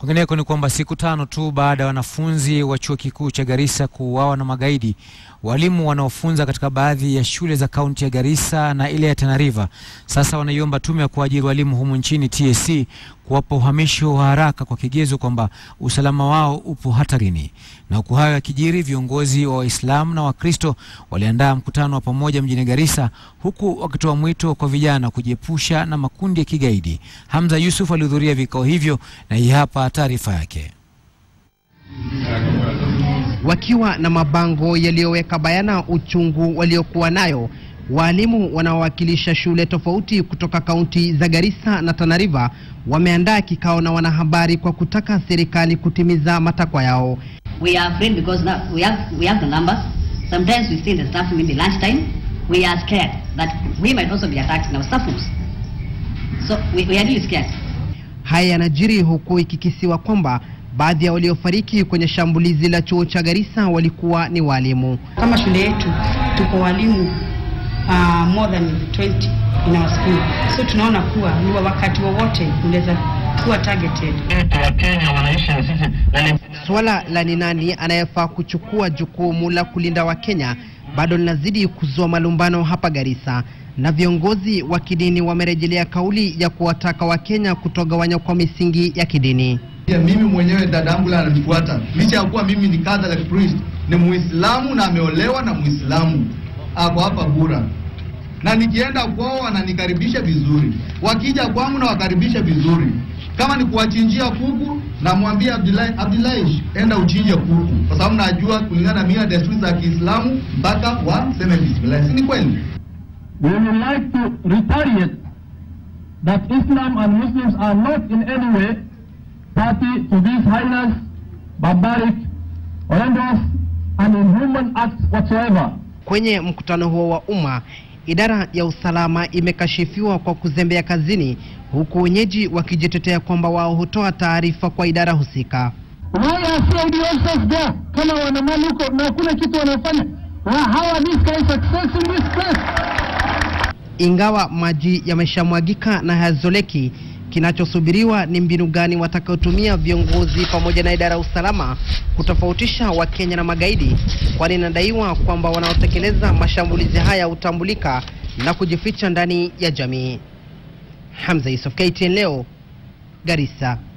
Kwingineko ni kwamba siku tano tu baada ya wanafunzi wa chuo kikuu cha Garissa kuuawa na magaidi, walimu wanaofunza katika baadhi ya shule za kaunti ya Garissa na ile ya Tana River sasa wanaiomba tume ya kuajiri walimu humu nchini TSC kuwapa uhamisho wa haraka kwa kigezo kwamba usalama wao upo hatarini. Na huku hayo yakijiri, viongozi wa Waislamu na Wakristo waliandaa mkutano wa pamoja mjini Garissa, huku wakitoa mwito kwa vijana kujiepusha na makundi ya kigaidi. Hamza Yusuf alihudhuria vikao hivyo na hii hapa taarifa yake. Wakiwa na mabango yaliyoweka bayana uchungu waliokuwa nayo Walimu wanaowakilisha shule tofauti kutoka kaunti za Garissa na Tana River wameandaa kikao na wanahabari kwa kutaka serikali kutimiza matakwa yao. We are afraid because now we have, we have the numbers. Sometimes we see the staff maybe time. We are scared that we might also be attacked now staff rooms. So we, we are really scared. Haya yanajiri huku ikikisiwa kwamba baadhi ya waliofariki kwenye shambulizi la chuo cha Garissa walikuwa ni walimu. Kama shule yetu tuko walimu uh, more than 20 in our school. So tunaona kuwa ni wakati wowote unaweza kuwa targeted. Swala la ni nani anayefaa kuchukua jukumu la kulinda Wakenya bado linazidi kuzua malumbano hapa Garissa na viongozi wa kidini wamerejelea kauli ya kuwataka Wakenya kutogawanya kwa misingi ya kidini. Ya mimi mwenyewe dadangu ananifuata licha ya kuwa mimi ni Catholic priest, ni Muislamu na ameolewa na Muislamu ako hapa Bura, na nikienda kwao wananikaribisha vizuri, wakija kwangu na wakaribisha vizuri. Kama ni kuwachinjia kuku, namwambia Abdullahi, Abdullahi enda uchinje kuku, kwa sababu najua kulingana na mila desturi za Kiislamu mpaka waseme bismillah. Si ni kweli? We would like to reiterate that Islam and Muslims are not in any way party to these heinous, barbaric, horrendous, and inhuman acts whatsoever. Kwenye mkutano huo wa umma, idara ya usalama imekashifiwa kwa kuzembea kazini, huku wenyeji wakijitetea kwamba wao hutoa taarifa kwa idara husika. kama wana mali huko na kitu wanafanya? Ingawa maji yameshamwagika na hazoleki Kinachosubiriwa ni mbinu gani watakaotumia viongozi pamoja na idara ya usalama kutofautisha Wakenya na magaidi, kwani inadaiwa kwamba wanaotekeleza mashambulizi haya hutambulika na kujificha ndani ya jamii. Hamza Yusuf, KTN leo, Garissa.